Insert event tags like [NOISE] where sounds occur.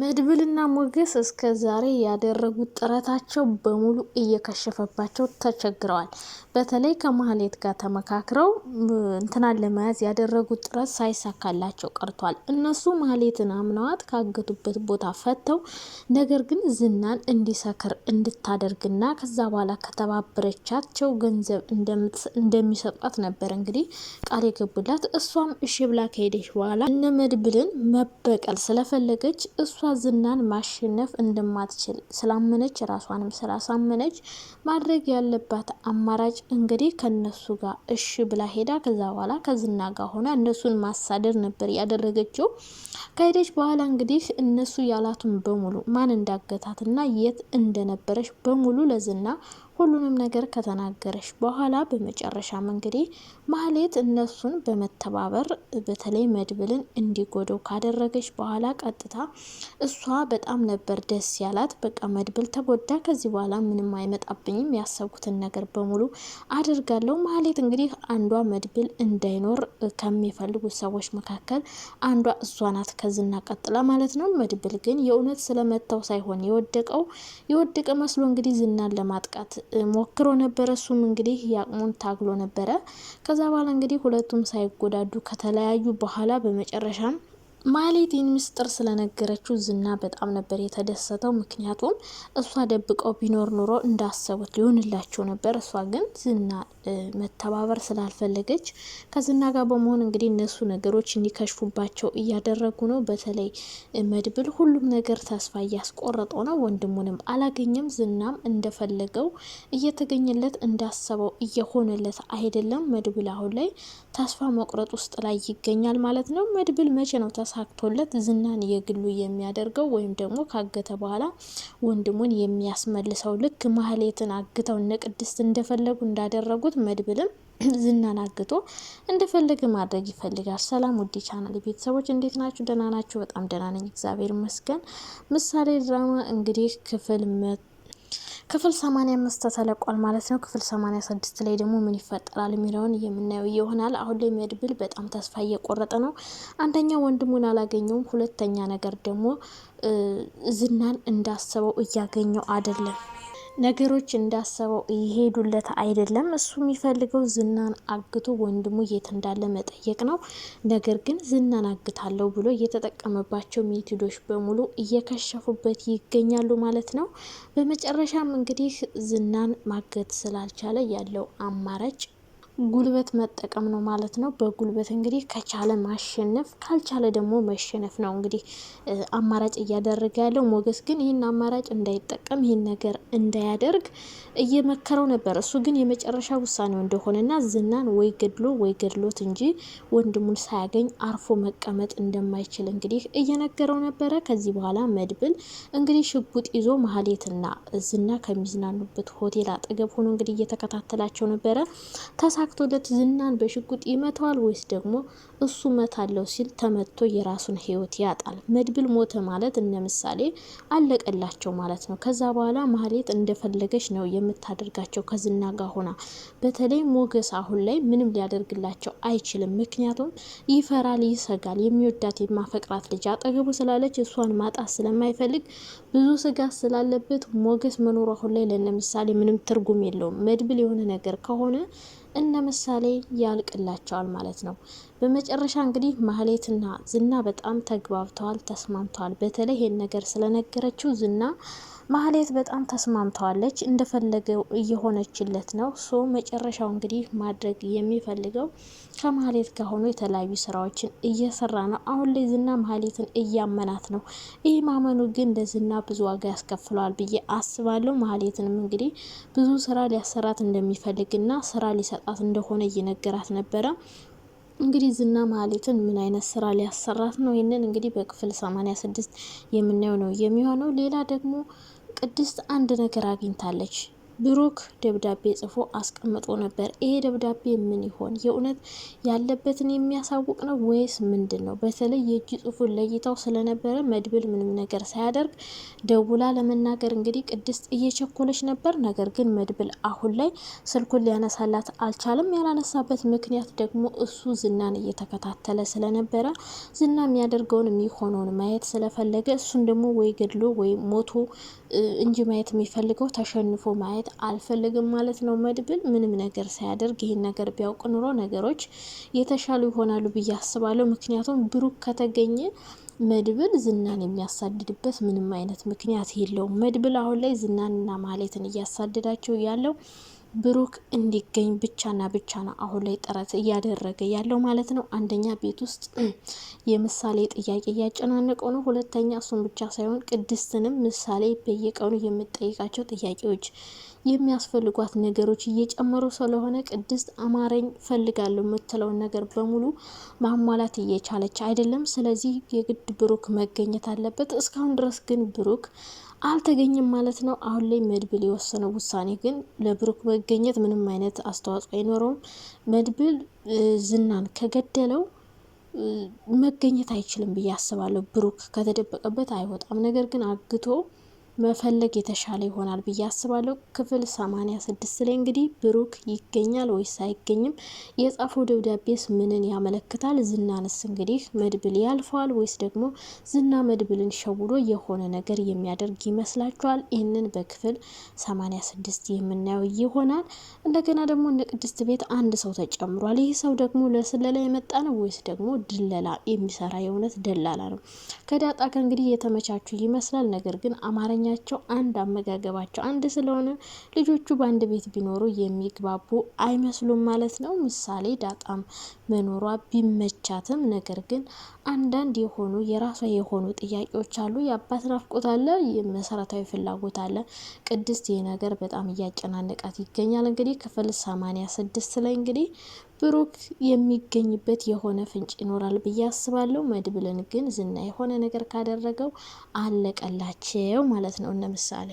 መድብልና ሞገስ እስከ ዛሬ ያደረጉት ጥረታቸው በሙሉ እየከሸፈባቸው ተቸግረዋል። በተለይ ከማህሌት ጋር ተመካክረው እንትናን ለመያዝ ያደረጉት ጥረት ሳይሳካላቸው ቀርቷል። እነሱ ማህሌትን አምነዋት ካገቱበት ቦታ ፈተው፣ ነገር ግን ዝናን እንዲሰክር እንድታደርግና ከዛ በኋላ ከተባበረቻቸው ገንዘብ እንደሚሰጧት ነበር እንግዲህ ቃል የገቡላት። እሷም እሺ ብላ ከሄደች በኋላ እነ መድብልን መበቀል ስለፈለገች እሱ ዝናን ማሸነፍ እንደማትችል ስላመነች ራሷንም ስላሳመነች ማድረግ ያለባት አማራጭ እንግዲህ ከነሱ ጋር እሺ ብላ ሄዳ ከዛ በኋላ ከዝና ጋር ሆና እነሱን ማሳደር ነበር ያደረገችው። ከሄደች በኋላ እንግዲህ እነሱ ያላቱን በሙሉ ማን እንዳገታትና የት እንደነበረች በሙሉ ለዝና ሁሉንም ነገር ከተናገረች በኋላ በመጨረሻም እንግዲህ ማህሌት እነሱን በመተባበር በተለይ መድብልን እንዲጎደው ካደረገች በኋላ ቀጥታ እሷ በጣም ነበር ደስ ያላት። በቃ መድብል ተጎዳ፣ ከዚህ በኋላ ምንም አይመጣብኝም፣ ያሰብኩትን ነገር በሙሉ አድርጋለሁ። ማህሌት እንግዲህ አንዷ መድብል እንዳይኖር ከሚፈልጉ ሰዎች መካከል አንዷ እሷ ናት፣ ከዝና ቀጥላ ማለት ነው። መድብል ግን የእውነት ስለመታው ሳይሆን የወደቀው የወደቀ መስሎ እንግዲህ ዝናን ለማጥቃት ሞክሮ ነበረ። እሱም እንግዲህ የአቅሙን ታግሎ ነበረ። ከዛ በኋላ እንግዲህ ሁለቱም ሳይጎዳዱ ከተለያዩ በኋላ በመጨረሻም ማሌት ይህን ምስጢር ስለነገረችው ዝና በጣም ነበር የተደሰተው። ምክንያቱም እሷ ደብቀው ቢኖር ኑሮ እንዳሰቡት ሊሆንላቸው ነበር። እሷ ግን ዝና መተባበር ስላልፈለገች ከዝና ጋር በመሆን እንግዲህ እነሱ ነገሮች እንዲከሽፉባቸው እያደረጉ ነው። በተለይ መድብል ሁሉም ነገር ተስፋ እያስቆረጠው ነው። ወንድሙንም አላገኘም። ዝናም እንደፈለገው እየተገኘለት እንዳሰበው እየሆነለት አይደለም። መድብል አሁን ላይ ተስፋ መቁረጥ ውስጥ ላይ ይገኛል ማለት ነው። መድብል መቼ ነው ተሳክቶለት ዝናን የግሉ የሚያደርገው ወይም ደግሞ ካገተ በኋላ ወንድሙን የሚያስመልሰው ልክ ማህሌትን አግተው እነ ቅድስት እንደፈለጉ እንዳደረጉት መድብልም [CLEARS THROAT] ዝናን አግቶ እንደፈለገ ማድረግ ይፈልጋል። ሰላም ውድ ቻናል ቤተሰቦች እንዴት ናችሁ? ደህና ናችሁ? በጣም ደህና ነኝ፣ እግዚአብሔር ይመስገን። ምሳሌ ድራማ እንግዲህ ክፍል ክፍል 85 ተተለቋል ማለት ነው። ክፍል 86 ላይ ደግሞ ምን ይፈጠራል የሚለውን የምናየው ይሆናል። አሁን ላይ መድብል በጣም ተስፋ እየቆረጠ ነው። አንደኛ ወንድሙን አላገኘውም፣ ሁለተኛ ነገር ደግሞ ዝናን እንዳሰበው እያገኘው አይደለም። ነገሮች እንዳሰበው ይሄዱለት አይደለም። እሱ የሚፈልገው ዝናን አግቶ ወንድሙ የት እንዳለ መጠየቅ ነው። ነገር ግን ዝናን አግታለሁ ብሎ እየተጠቀመባቸው ሜቶዶች በሙሉ እየከሸፉበት ይገኛሉ ማለት ነው። በመጨረሻም እንግዲህ ዝናን ማገት ስላልቻለ ያለው አማራጭ ጉልበት መጠቀም ነው ማለት ነው። በጉልበት እንግዲህ ከቻለ ማሸነፍ ካልቻለ ደግሞ መሸነፍ ነው እንግዲህ አማራጭ እያደረገ ያለው። ሞገስ ግን ይህን አማራጭ እንዳይጠቀም ይህን ነገር እንዳያደርግ እየመከረው ነበር። እሱ ግን የመጨረሻ ውሳኔው እንደሆነና ዝናን ወይ ገድሎ ወይ ገድሎት እንጂ ወንድሙን ሳያገኝ አርፎ መቀመጥ እንደማይችል እንግዲህ እየነገረው ነበረ። ከዚህ በኋላ መድብል እንግዲህ ሽጉጥ ይዞ መሀሌትና ዝና ከሚዝናኑበት ሆቴል አጠገብ ሆኖ እንግዲህ እየተከታተላቸው ነበረ። ተሳክቶለት ዝናን በሽጉጥ ይመታዋል ወይስ ደግሞ እሱ መታለው ሲል ተመቶ የራሱን ህይወት ያጣል? መድብል ሞተ ማለት እነ ምሳሌ አለቀላቸው ማለት ነው። ከዛ በኋላ ማህሌት እንደፈለገች ነው የምታደርጋቸው ከዝና ጋር ሆና። በተለይ ሞገስ አሁን ላይ ምንም ሊያደርግላቸው አይችልም። ምክንያቱም ይፈራል፣ ይሰጋል። የሚወዳት የማፈቅራት ልጅ አጠገቡ ስላለች እሷን ማጣት ስለማይፈልግ ብዙ ስጋት ስላለበት ሞገስ መኖሩ አሁን ላይ ለነ ምሳሌ ምንም ትርጉም የለውም። መድብል የሆነ ነገር ከሆነ እነ ምሳሌ ያልቅላቸዋል ማለት ነው። በመጨረሻ እንግዲህ ማህሌትና ዝና በጣም ተግባብተዋል፣ ተስማምተዋል። በተለይ ይሄን ነገር ስለነገረችው ዝና ማህሌት በጣም ተስማምተዋለች፣ እንደፈለገው እየሆነችለት ነው። ሶ መጨረሻው እንግዲህ ማድረግ የሚፈልገው ከማህሌት ጋር ሆኖ የተለያዩ ስራዎችን እየሰራ ነው። አሁን ላይ ዝና ማህሌትን እያመናት ነው። ይህ ማመኑ ግን ለዝና ብዙ ዋጋ ያስከፍለዋል ብዬ አስባለሁ። ማህሌትንም እንግዲህ ብዙ ስራ ሊያሰራት እንደሚፈልግና ስራ ሊሰጣት እንደሆነ እየነገራት ነበረ። እንግዲህ ዝና ማህሌትን ምን አይነት ስራ ሊያሰራት ነው? ይህንን እንግዲህ በክፍል 86 የምናየው ነው የሚሆነው። ሌላ ደግሞ ቅድስት አንድ ነገር አግኝታለች። ብሩክ ደብዳቤ ጽፎ አስቀምጦ ነበር። ይሄ ደብዳቤ ምን ይሆን? የእውነት ያለበትን የሚያሳውቅ ነው ወይስ ምንድን ነው? በተለይ የእጅ ጽሑፉን ለይታው ስለነበረ መድብል ምንም ነገር ሳያደርግ ደውላ ለመናገር እንግዲህ ቅድስት እየቸኮለች ነበር። ነገር ግን መድብል አሁን ላይ ስልኩን ሊያነሳላት አልቻለም። ያላነሳበት ምክንያት ደግሞ እሱ ዝናን እየተከታተለ ስለነበረ ዝና የሚያደርገውን የሚሆነውን ማየት ስለፈለገ እሱን ደግሞ ወይ ገድሎ ወይ ሞቶ እንጂ ማየት የሚፈልገው ተሸንፎ ማየት አልፈልግም ማለት ነው። መድብል ምንም ነገር ሳያደርግ ይህን ነገር ቢያውቅ ኑሮ ነገሮች የተሻሉ ይሆናሉ ብዬ አስባለሁ። ምክንያቱም ብሩክ ከተገኘ መድብል ዝናን የሚያሳድድበት ምንም አይነት ምክንያት የለውም። መድብል አሁን ላይ ዝናንና ማለትን እያሳደዳቸው ያለው ብሩክ እንዲገኝ ብቻና ብቻ ነው አሁን ላይ ጥረት እያደረገ ያለው ማለት ነው። አንደኛ ቤት ውስጥ የምሳሌ ጥያቄ እያጨናነቀው ነው። ሁለተኛ እሱን ብቻ ሳይሆን ቅድስትንም ምሳሌ በየቀኑ የምጠይቃቸው ጥያቄዎች የሚያስፈልጓት ነገሮች እየጨመሩ ስለሆነ ቅድስት አማረኝ ፈልጋለሁ የምትለውን ነገር በሙሉ ማሟላት እየቻለች አይደለም። ስለዚህ የግድ ብሩክ መገኘት አለበት። እስካሁን ድረስ ግን ብሩክ አልተገኘም ማለት ነው። አሁን ላይ መድብል የወሰነው ውሳኔ ግን ለብሩክ መገኘት ምንም አይነት አስተዋጽኦ አይኖረውም። መድብል ዝናን ከገደለው መገኘት አይችልም ብዬ አስባለሁ። ብሩክ ከተደበቀበት አይወጣም። ነገር ግን አግቶ መፈለግ የተሻለ ይሆናል ብዬ አስባለሁ። ክፍል ሰማንያ ስድስት ላይ እንግዲህ ብሩክ ይገኛል ወይስ አይገኝም? የጻፈው ደብዳቤስ ምንን ያመለክታል? ዝናንስ እንግዲህ መድብል ያልፈዋል ወይስ ደግሞ ዝና መድብልን ሸውሎ የሆነ ነገር የሚያደርግ ይመስላችኋል? ይህንን በክፍል ሰማንያ ስድስት የምናየው ይሆናል። እንደገና ደግሞ እነ ቅድስት ቤት አንድ ሰው ተጨምሯል። ይህ ሰው ደግሞ ለስለላ የመጣ ነው ወይስ ደግሞ ድለላ የሚሰራ የእውነት ደላላ ነው? ከዳጣ ጋር እንግዲህ የተመቻቹ ይመስላል። ነገር ግን አማርኛ መገናኛቸው አንድ፣ አመጋገባቸው አንድ ስለሆነ ልጆቹ በአንድ ቤት ቢኖሩ የሚግባቡ አይመስሉም ማለት ነው። ምሳሌ ዳጣም መኖሯ ቢመቻትም፣ ነገር ግን አንዳንድ የሆኑ የራሷ የሆኑ ጥያቄዎች አሉ። የአባት ናፍቆት አለ፣ መሰረታዊ ፍላጎት አለ። ቅድስት ይህ ነገር በጣም እያጨናነቃት ይገኛል። እንግዲህ ክፍል ሰማንያ ስድስት ላይ እንግዲህ ብሩክ የሚገኝበት የሆነ ፍንጭ ይኖራል ብዬ አስባለሁ። መድብልን ግን ዝና የሆነ ነገር ካደረገው አለቀላቸው ማለት ነው እነ ምሳሌ